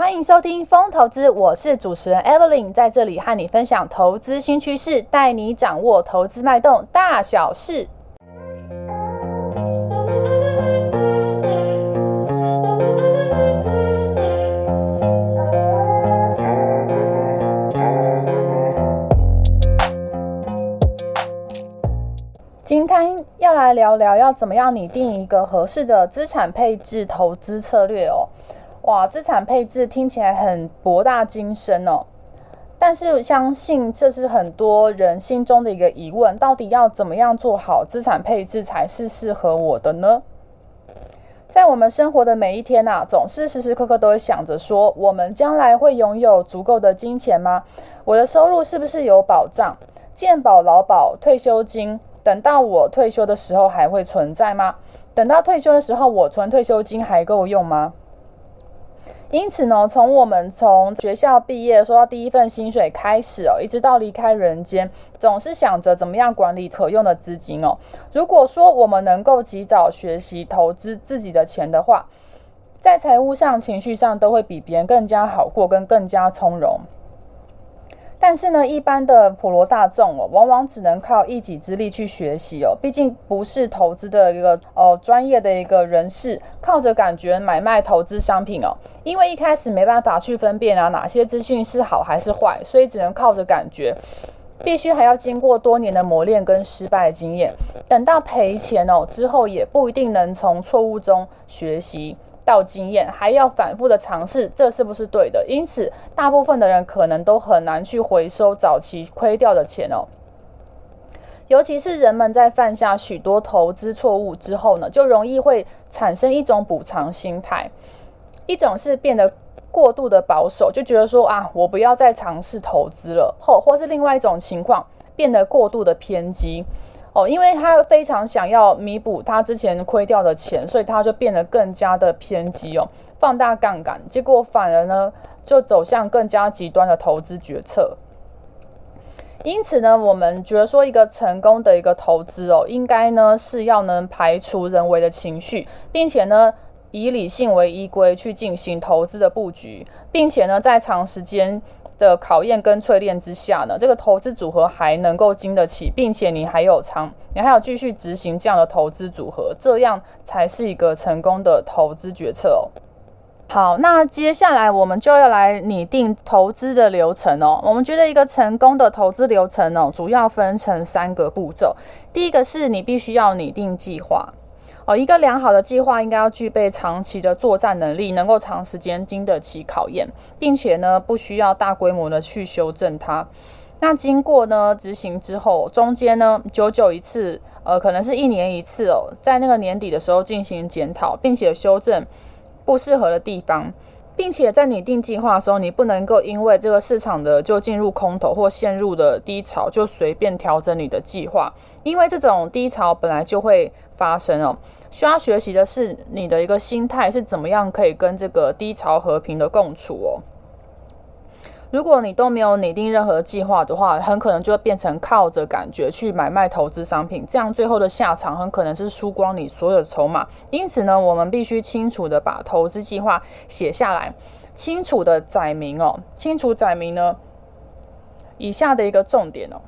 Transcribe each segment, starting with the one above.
歡迎收聽《瘋投資》，我是主持人 Evelyn，在這裡和你分享投資新趨勢，帶你掌握投資脈動大小事。今天要來聊聊，要怎麼樣擬定一個合適的資產配置投資策略哦。哇，資產配置聽起來很博大精深哦，但是相信這是很多人心中的一個疑問：到底要怎麼樣做好資產配置才是適合我的呢？在我們生活的每一天啊，總是時時刻刻都會想着說：我們將來會擁有足夠的金錢嗎？我的收入是不是有保障？健保、勞保、退休金，等到我退休的時候還會存在嗎？等到退休的時候，我存退休金還夠用嗎？因此呢，從我們從學校畢業收到第一份薪水開始哦，一直到離開人間，總是想着怎麼樣管理可用的資金哦。如果說我們能夠及早學習投資自己的錢的話，在財務上、情緒上都會比別人更加好過，跟更加從容。但是呢，一般的普羅大眾哦，往往只能靠一己之力去學習哦。畢竟不是投資的一個呃專業的一個人士，靠着感覺買賣投資商品哦。因為一開始沒辦法去分辨啊哪些資訊是好還是壞，所以只能靠着感覺。必須還要經過多年的磨練跟失敗經驗，等到賠錢哦之後，也不一定能從錯誤中學習。要經驗，還要反覆的嘗試，這是不是對的？因此，大部分的人可能都很難去回收早期虧掉的錢哦。尤其是人們在犯下許多投資錯誤之後呢，就容易會產生一種補償心態，一種是變得過度的保守，就覺得說啊，我不要再嘗試投資了，或或是另外一種情況，變得過度的偏激。哦，因為他非常想要彌補他之前虧掉的錢，所以他就變得更加的偏激哦，放大槓桿，結果反而呢就走向更加極端的投資決策。因此呢，我們覺得說一個成功的一個投資哦，應該呢是要能排除人為的情緒，並且呢以理性為依歸去進行投資的布局，並且呢在長時間的考驗跟淬煉之下呢，這個投資組合還能夠經得起，並且你還有倉，你還要繼續執行這樣的投資組合，這樣才是一個成功的投資決策哦。好，那接下來我們就要來擬定投資的流程哦。我們覺得一個成功的投資流程哦，主要分成三個步驟，第一個是你必須要擬定計劃。一個良好的計劃應該要具備長期的作戰能力，能夠長時間經得起考驗，並且呢，不需要大規模的去修正它。那經過呢執行之後，中間呢，久久一次，呃，可能是一年一次哦，在那個年底的時候進行檢討，並且修正不適合的地方，並且在擬定計劃的時候，你不能夠因為這個市場的就進入空頭或陷入的低潮，就隨便調整你的計劃，因為這種低潮本來就會發生哦。需要學習的是你的一個心態是怎麼樣可以跟這個低潮和平的共處哦。如果你都沒有擬定任何計劃的話，很可能就會變成靠着感覺去買賣投資商品，這樣最後的下場很可能是輸光你所有的籌碼。因此呢，我們必須清楚的把投資計劃寫下來，清楚的載明哦，清楚載明呢以下的一個重點哦。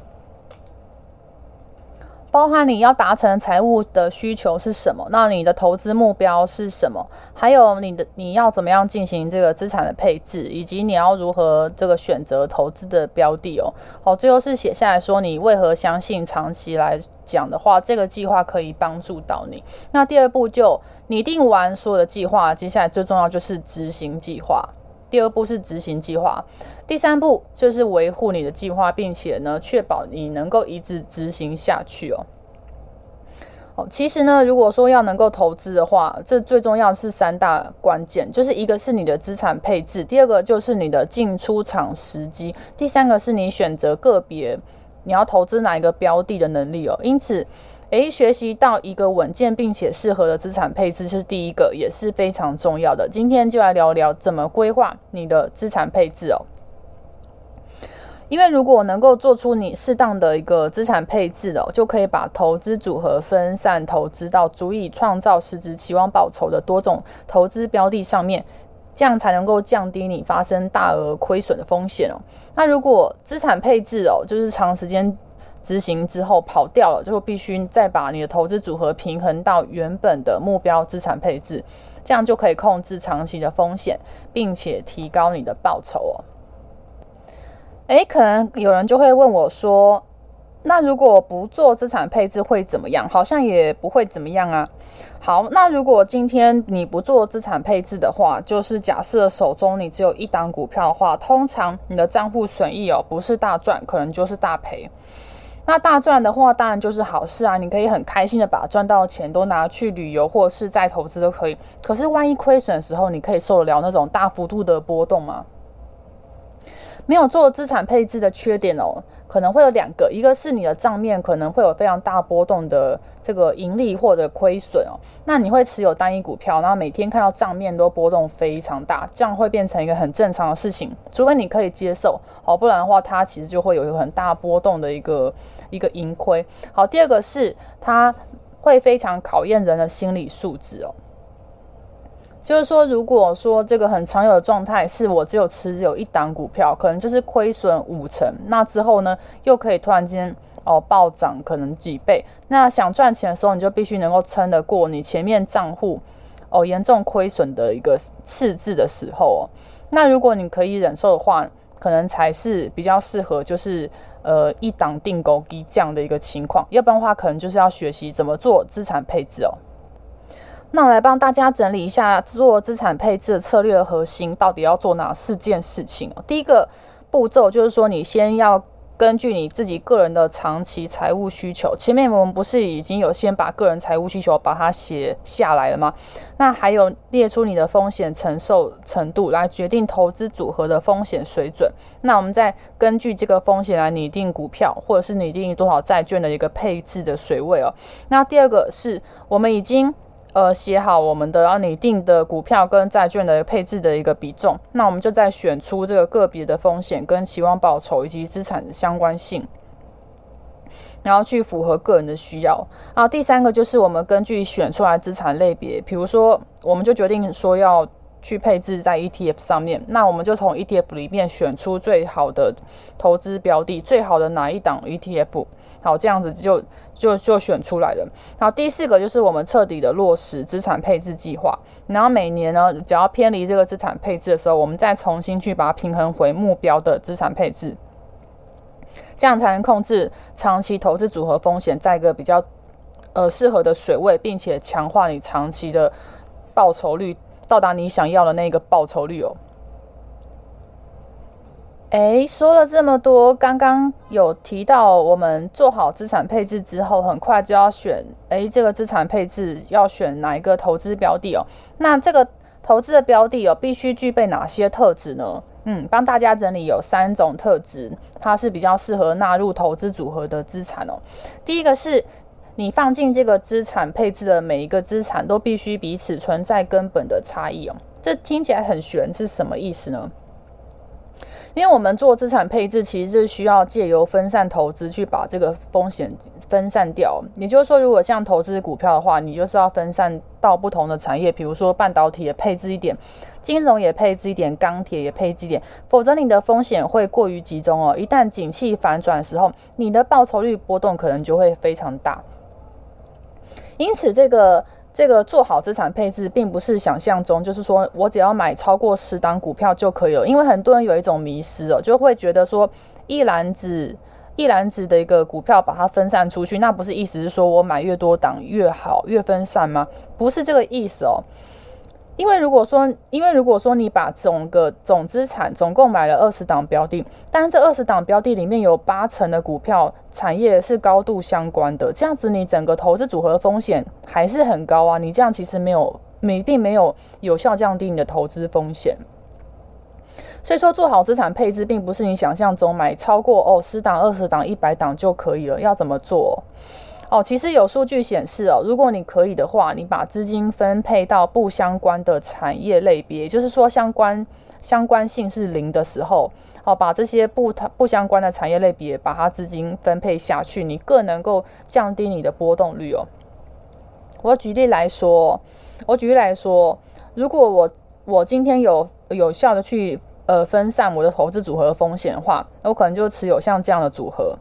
包含你要達成財務的需求是什麼？那你的投資目標是什麼？還有你的你要怎麼樣進行這個資產的配置，以及你要如何這個選擇投資的標的哦。好，最後是寫下來說你為何相信長期來講的話，這個計劃可以幫助到你。那第二步就擬定完所有的計劃，接下來最重要就是執行計劃。第二步是執行計劃，第三步就是維護你的計劃，並且呢，確保你能夠一直執行下去哦。哦，其實呢，如果說要能夠投資的話，這最重要是三大關鍵，就是一個是你的資產配置，第二個就是你的進出場時機，第三個是你選擇個別你要投資哪一個標的的能力哦。因此。誒，學習到一個穩健並且適合的資產配置是第一個，也是非常重要的。今天就來聊聊怎麼規劃你的資產配置哦。因為如果能夠做出你適當的一個資產配置的哦，就可以把投資組合分散投資到足以創造實質期望報酬的多種投資標的上面，這樣才能夠降低你發生大額虧損的風險哦。那如果資產配置哦，就是長時間。執行之後跑掉了，就必須再把你的投資組合平衡到原本的目標資產配置，這樣就可以控制長期的風險，並且提高你的報酬哦。欸，可能有人就會問我說：“那如果不做資產配置會怎麼樣？好像也不會怎麼樣啊。”好，那如果今天你不做資產配置的話，就是假設手中你只有一檔股票的話，通常你的賬戶損益哦，不是大賺，可能就是大賠。那大賺的話，當然就是好事啊！你可以很開心的把賺到的錢都拿去旅遊，或是再投資都可以。可是萬一虧損的時候，你可以受得了那種大幅度的波動嗎？沒有做資產配置的缺點哦。可能會有兩個，一個是你的賬面可能會有非常大波動的這個盈利或者虧損哦，那你會持有單一股票，然後每天看到賬面都波動非常大，這樣會變成一個很正常的事情，除非你可以接受好，哦，不然的話它其實就會有一個很大波動的一個一個盈虧。好，第二個是它會非常考驗人的心理素質哦。就是說，如果說這個很常有的狀態是我只有持只有一檔股票，可能就是虧損五成，那之後呢，又可以突然間哦、呃、暴漲，可能幾倍。那想賺錢的時候，你就必須能夠撐得過你前面賬戶哦、呃、嚴重虧損的一個赤字的時候。哦。那如果你可以忍受的話，可能才是比較適合，就是呃一檔定購低降的一個情況。要不然的話，可能就是要學習怎麼做資產配置哦。那我來幫大家整理一下做資產配置的策略的核心，到底要做哪四件事情哦。第一個步驟就是說，你先要根據你自己個人的長期財務需求，前面我們不是已經有先把個人財務需求把它寫下來了嗎？那還有列出你的風險承受程度，來決定投資組合的風險水準。那我們再根據這個風險來擬定股票，或者是擬定多少債券的一個配置的水位哦。那第二個是我們已經。呃，寫好我們的要擬定的股票跟債券的配置的一個比重，那我們就再選出這個個別的風險跟期望報酬，以及資產的相關性，然後去符合個人的需要。啊，第三個就是我們根據選出來資產類別，比如說，我們就決定說要。去配置在 ETF 上面，那我們就從 ETF 裡面選出最好的投資標的，最好的哪一檔 ETF，好，這樣子就就就選出來了。然後第四個就是我們徹底的落實資產配置計劃，然後每年呢，只要偏離這個資產配置的時候，我們再重新去把它平衡回目標的資產配置，這樣才能控制長期投資組合風險在一個比較呃適合的水位，並且強化你長期的報酬率。到達你想要的那個報酬率哦。誒、欸，說了這麼多，剛剛有提到我們做好資產配置之後，很快就要選誒、欸，這個資產配置要選哪一個投資標的哦？那這個投資的標的哦，必須具備哪些特質呢？嗯，幫大家整理有三種特質，它是比較適合納入投資組合的資產哦。第一個是。你放進這個資產配置的每一個資產都必須彼此存在根本的差異哦。這聽起來很玄，是什麼意思呢？因為我們做資產配置其實是需要借由分散投資去把這個風險分散掉。也就是說，如果像投資股票的話，你就是要分散到不同的產業，比如說半導體也配置一點，金融也配置一點，鋼鐵也配置一點，否則你的風險會過於集中哦。一旦景氣反轉的時候，你的報酬率波動可能就會非常大。因此，這個這個做好資產配置，並不是想象中，就是說我只要買超過十檔股票就可以了。因為很多人有一種迷思哦，就會覺得說，一籃子一籃子的一個股票把它分散出去，那不是意思是說我買越多檔越好，越分散嗎？不是這個意思哦。因為如果說，因為如果說你把整個總資產總共買了二十檔標的，但是這二十檔標的裡面有八成的股票產業是高度相關的，這樣子你整個投資組合的風險還是很高啊！你這樣其實沒有，你並沒有有效降低你的投資風險。所以說，做好資產配置，並不是你想象中買超過哦十檔、二十檔、一百檔就可以了。要怎麼做？哦，其實有數據顯示哦，如果你可以的話，你把資金分配到不相關的產業類別，也就是說相關，相關性是零的時候，哦，把這些不，不相關的產業類別把它資金分配下去，你更能夠降低你的波動率哦。我舉例來說，我舉例來說，如果我，我今天有，有效的去呃分散我的投資組合風險的話，我可能就持有像這樣的組合。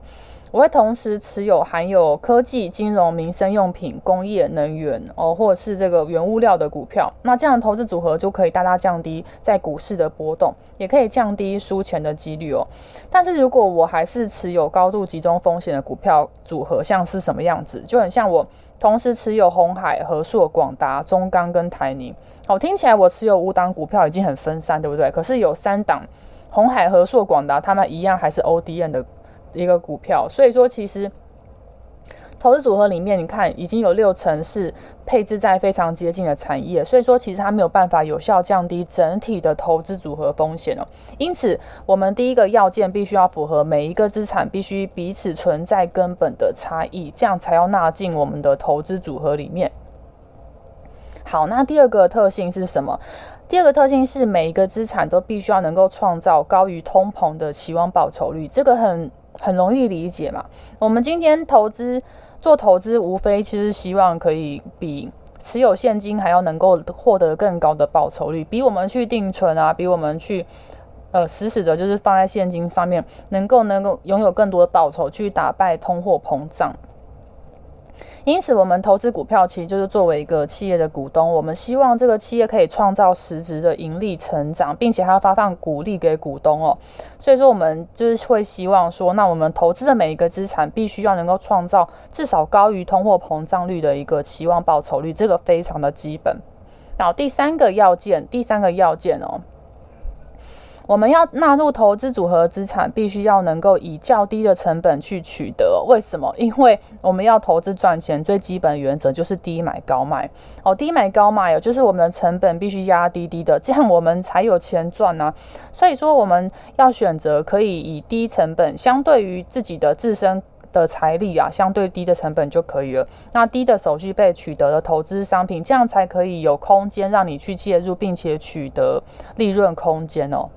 我會同時持有含有科技、金融、民生用品、工業、能源哦，或者是這個原物料的股票，那這樣的投資組合就可以大大降低在股市的波動，也可以降低輸錢的幾率哦。但是如果我還是持有高度集中風險的股票組合，像是什麼樣子，就很像我同時持有鴻海、和碩、廣達、中鋼跟台泥哦，聽起來我持有五檔股票已經很分散，對不對？可是有三檔鴻海、和碩、廣達，他們一樣還是 ODM 的。一個股票，所以說其實投資組合裡面，你看已經有六成是配置在非常接近的產業，所以說其實它沒有辦法有效降低整體的投資組合風險哦。因此，我們第一個要件必須要符合每一個資產必須彼此存在根本的差異，這樣才要納進我們的投資組合裡面。好，那第二個特性是什麼？第二個特性是每一個資產都必須要能夠創造高於通膨的期望報酬率，這個很。很容易理解嘛。我們今天投資做投資，無非其實希望可以比持有現金還要能夠獲得更高的報酬率，比我們去定存啊，比我們去呃死死的，就是放在現金上面，能夠能夠擁有更多的報酬，去打敗通貨膨脹。因此，我們投資股票，其實就是作為一個企業的股東，我們希望這個企業可以創造實質的盈利成長，並且還要發放股利給股東哦。所以說，我們就是會希望說，那我們投資的每一個資產，必須要能夠創造至少高於通貨膨脹率的一個期望報酬率，這個非常的基本。然後第三個要件，第三個要件哦。我們要納入投資組合資產，必須要能夠以較低的成本去取得。為什麼？因為我們要投資賺錢，最基本原則就是低買高賣哦。低買高賣哦，就是我們的成本必須壓低低的，這樣我們才有錢賺啊。所以說，我們要選擇可以以低成本，相對於自己的自身的財力啊，相對低的成本就可以了。那低的手續費取得的投資商品，這樣才可以有空間讓你去介入，並且取得利潤空間哦。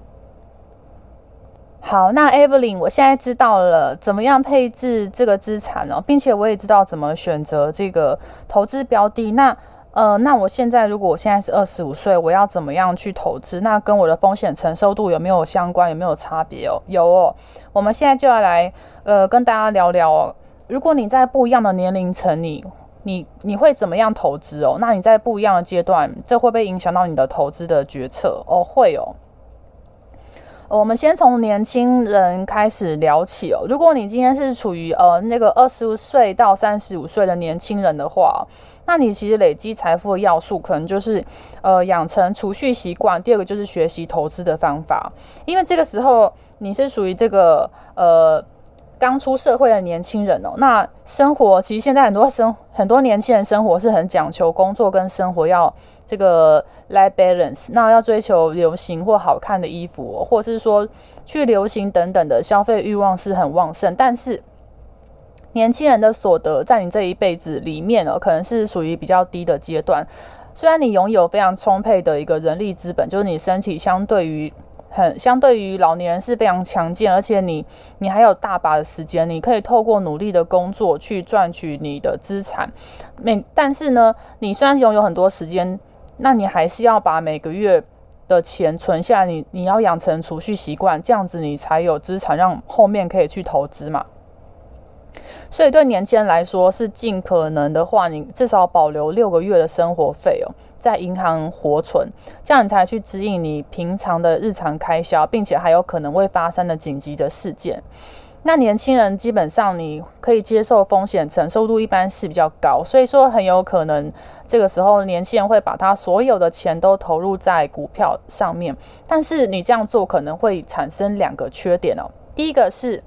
好，那 Evelyn，我現在知道了怎麼樣配置這個資產哦，並且我也知道怎麼選擇這個投資標的。那呃，那我現在如果我現在是二十五歲，我要怎麼樣去投資？那跟我的風險承受度有沒有相關？有沒有差別哦？有哦，我們現在就要來呃跟大家聊聊哦。如果你在不一樣的年齡層裡，你你你會怎麼樣投資哦？那你在不一樣的階段，這會不會影響到你的投資的決策哦？會哦。我們先從年輕人開始聊起哦。如果你今天是處於呃那個二十五歲到三十五歲的年輕人的話，那你其實累積財富的要素，可能就是呃養成儲蓄習慣，第二個就是學習投資的方法。因為這個時候你是屬於這個呃。剛出社會的年輕人哦，那生活其實現在很多生很多年輕人生活是很講求工作跟生活要這個 life balance，那要追求流行或好看的衣服哦，或是說去流行等等的消費慾望是很旺盛，但是年輕人的所得在你這一輩子裡面哦，可能是屬於比較低的階段，雖然你擁有非常充沛的一個人力資本，就是你身體相對於。很相對於老年人是非常強健，而且你你還有大把的時間，你可以透過努力的工作去賺取你的資產。每但是呢，你雖然擁有很多時間，那你還是要把每個月的錢存下來，你你要養成儲蓄習慣，這樣子你才有資產，讓後面可以去投資嘛。所以對年輕人來說，是盡可能的話，你至少保留六個月的生活費哦，在銀行活存，這樣你才去指引你平常的日常開銷，並且還有可能會發生的緊急的事件。那年輕人基本上你可以接受風險，承受度一般是比較高，所以說很有可能這個時候年輕人會把他所有的錢都投入在股票上面。但是你這樣做可能會產生兩個缺點哦，第一個是。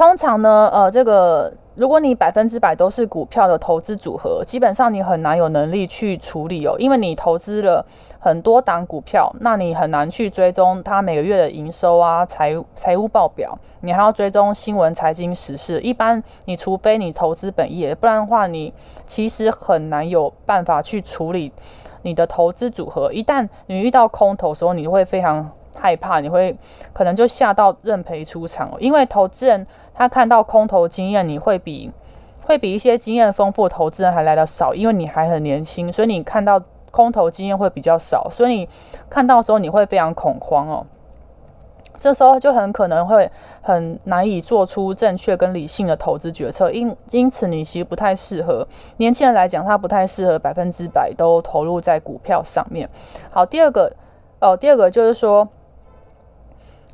通常呢，呃，這個如果你百分之百都是股票的投資組合，基本上你很難有能力去處理哦，因為你投資了很多檔股票，那你很難去追蹤它每個月的營收啊、財財務報表，你還要追蹤新聞、財經時事。一般你除非你投資本業，不然的話，你其實很難有辦法去處理你的投資組合。一旦你遇到空頭的時候，你會非常。害怕，你會可能就嚇到認賠出場哦，因為投資人他看到空頭經驗，你會比會比一些經驗豐富的投資人還來得少，因為你還很年輕，所以你看到空頭經驗會比較少，所以你看到時候你會非常恐慌哦。這時候就很可能會很難以做出正確跟理性的投資決策，因因此你其實不太適合，年輕人來講，他不太適合百分之百都投入在股票上面。好，第二個哦、呃，第二個就是說，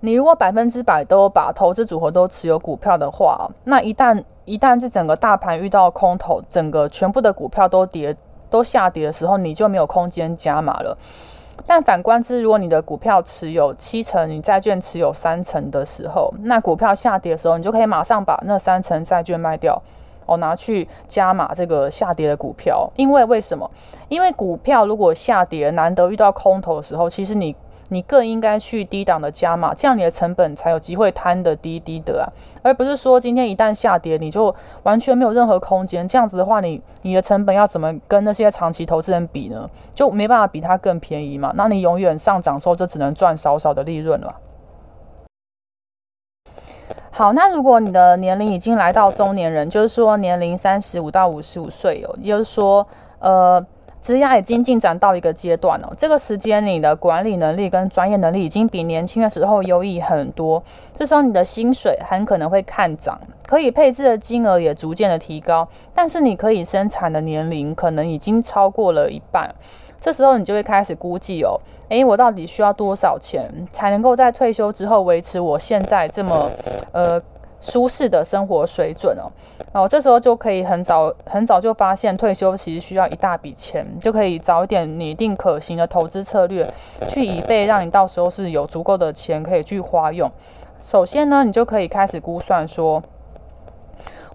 你如果百分之百都把投資組合都持有股票的話，那一旦一旦這整個大盤遇到空頭，整個全部的股票都跌都下跌的時候，你就沒有空間加碼了。但反觀之，如果你的股票持有七成，你債券持有三成的時候，那股票下跌的時候，你就可以馬上把那三成債券賣掉哦，拿去加碼這個下跌的股票。因為為什麼？因為股票如果下跌，難得遇到空頭的時候，其實你。你更應該去低檔的加碼，這樣你的成本才有機會攤得低低的啊，而不是說今天一旦下跌，你就完全沒有任何空間。這樣子的話你、你你的成本要怎麼跟那些長期投資人比呢？就沒辦法比他更便宜嘛。那你永遠上漲的時候就只能賺少少的利潤了。好，那如果你的年齡已經來到中年人，就是說年齡三十五到五十五歲哦，也就是說呃，職涯已經進展到一個階段了。這個時間你的管理能力跟專業能力已經比年輕的時候優異很多。這時候你的薪水很可能會看漲，可以配置的金額也逐漸的提高。但是你可以生產的年齡可能已經超過了一半。這時候你就會開始估計哦，誒，我到底需要多少錢才能夠在退休之後維持我現在這麼呃舒適的生活水準哦，哦，這時候就可以很早很早就發現退休其實需要一大筆錢，就可以早一點擬定可行的投資策略去，以備讓你到時候是有足夠的錢可以去花用。首先呢，你就可以開始估算說，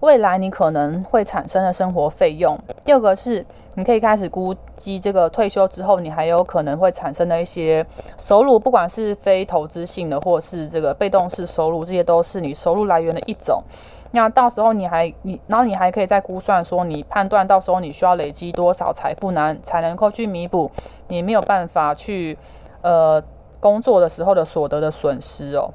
未來你可能會產生的生活費用。第二個是，你可以開始估計這個退休之後你還有可能會產生的一些收入，不管是非投資性的，或是這個被動式收入，這些都是你收入來源的一種。那到時候你還你，然後你還可以再估算說，你判斷到時候你需要累積多少財富呢？才能夠去彌補你沒有辦法去呃工作的時候的所得的損失哦。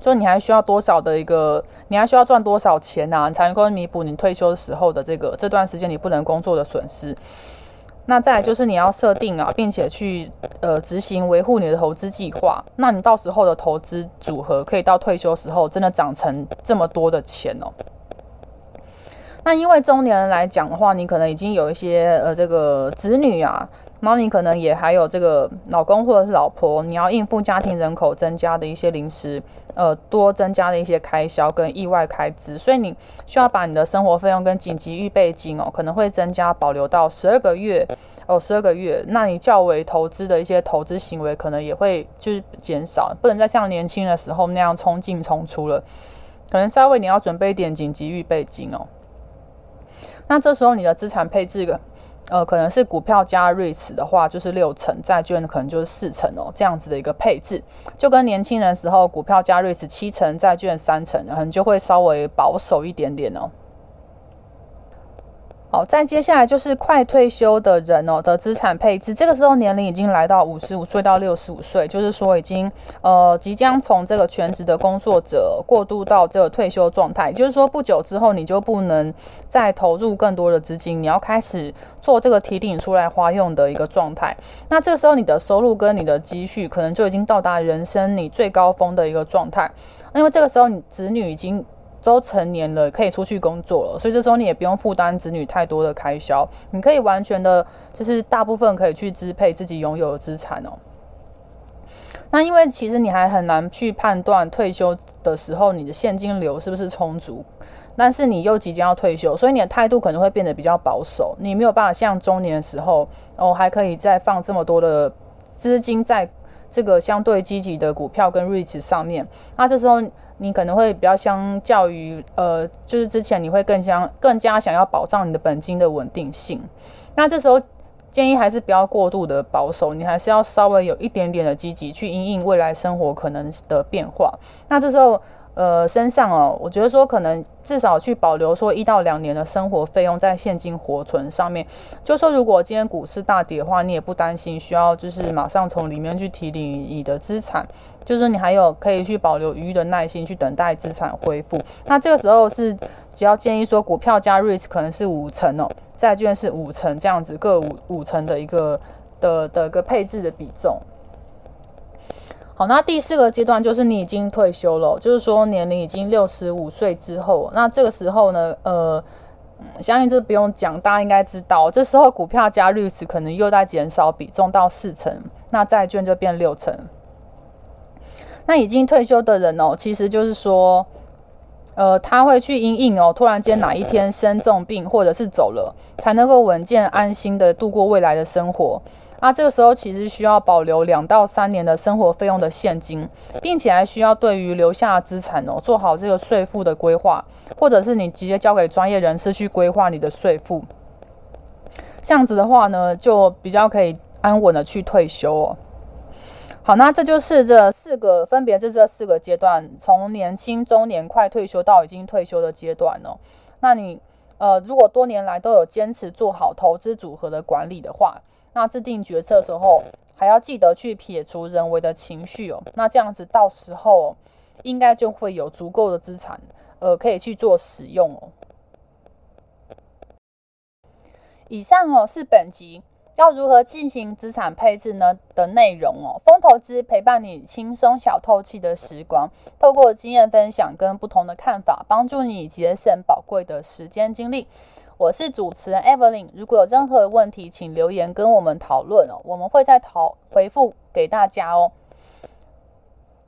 就你還需要多少的一個，你還需要賺多少錢呢、啊？你才能夠彌補你退休時候的這個這段時間你不能工作的損失。那再來就是你要設定啊，並且去呃執行維護你的投資計劃。那你到時候的投資組合可以到退休時候真的漲成這麼多的錢哦。那因為中年人來講的話，你可能已經有一些呃這個子女啊。m o 你可能也還有這個老公或者是老婆，你要應付家庭人口增加的一些零食，呃，多增加的一些開銷跟意外開支，所以你需要把你的生活費用跟緊急預備金哦，可能會增加保留到十二個月哦，十二個月。那你較為投資的一些投資行為可能也會就是減少，不能再像年輕的時候那樣衝進衝出了，可能稍微你要準備一點緊急預備金哦。那這時候你的資產配置呃，可能是股票加 REITs 的話，就是六成；債券可能就是四成哦，這樣子的一個配置，就跟年輕人時候股票加 REITs 七成，債券三成，可能就會稍微保守一點點哦。好，再接下來就是快退休的人哦、喔、的資產配置。這個時候年齡已經來到五十五歲到六十五歲，就是說已經呃即將從這個全職的工作者過渡到這個退休狀態。就是說不久之後你就不能再投入更多的資金，你要開始做這個提領出來花用的一個狀態。那這個時候你的收入跟你的積蓄可能就已經到達人生你最高峰的一個狀態，因為這個時候你子女已經。都成年了，可以出去工作了，所以這時候你也不用負擔子女太多的開銷，你可以完全的，就是大部分可以去支配自己擁有的資產哦。那因為其實你還很難去判斷退休的時候你的現金流是不是充足，但是你又即將要退休，所以你的態度可能會變得比較保守，你沒有辦法像中年的時候哦還可以再放這麼多的資金在。這個相對積極的股票跟 REITs 上面，那這時候你可能會比較相較於呃，就是之前你會更相更加想要保障你的本金的穩定性。那這時候建議還是不要過度的保守，你還是要稍微有一點點的積極去因應未來生活可能的變化。那這時候。呃，身上哦，我覺得說可能至少去保留說一到兩年的生活費用在現金活存上面，就說如果今天股市大跌的話，你也不擔心需要就是馬上從裡面去提領你的資產，就說你還有可以去保留餘的耐心去等待資產恢復。那這個時候是只要建議說股票加 REITs 可能是五成哦，債券是五成這樣子，各五五成的一個的的一個配置的比重。好，那第四個階段就是你已經退休了，哦，就是說年齡已經六十五歲之後，那這個時候呢，呃，相信這不用講，大家應該知道，這時候股票加率值可能又在減少比重到四成，那債券就變六成。那已經退休的人哦，其實就是說，呃，他會去因應哦，突然間哪一天生重病或者是走了，才能夠穩健安心地度過未來的生活。啊，這個時候其實需要保留兩到三年的生活費用的現金，並且還需要對於留下資產哦，做好這個稅負的規劃，或者是你直接交給專業人士去規劃你的稅負。這樣子的話呢，就比較可以安穩的去退休哦。好，那這就是這四個分別，是這四個階段，從年輕、中年、快退休到已經退休的階段哦。那你呃，如果多年來都有堅持做好投資組合的管理的話，那制定決策的時候，還要記得去撇除人為的情緒哦、喔。那這樣子到時候、喔，應該就會有足夠的資產，呃，可以去做使用哦、喔。以上哦、喔，是本集。要如何進行資產配置呢？的內容哦，瘋投資陪伴你輕鬆小透氣的時光，透過經驗分享跟不同的看法，幫助你節省寶貴的時間精力。我是主持人 Evelyn，如果有任何問題，請留言跟我們討論，哦，我們會再討回復給大家哦。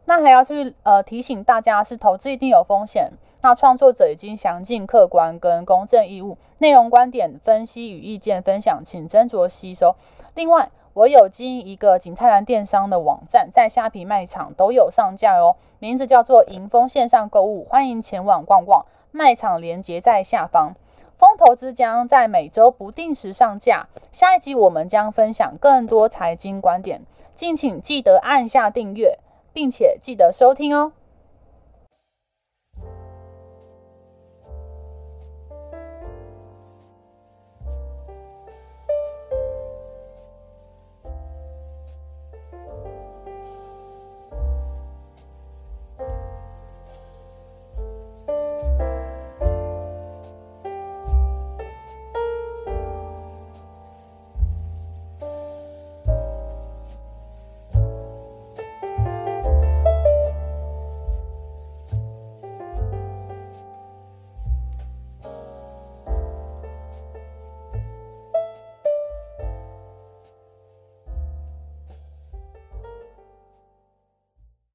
那還要去呃提醒大家，是投資一定有風險。那創作者已經詳盡、客觀跟公正義務內容、觀點、分析與意見分享，請斟酌吸收。另外，我有經營一個景泰藍電商的網站，在蝦皮賣場都有上架哦，名字叫做瑩豐線上購物，歡迎前往逛逛。賣場連結在下方。瘋投資將在每週不定時上架。下一集我們將分享更多財經觀點，敬請記得按下訂閱，並且記得收聽哦。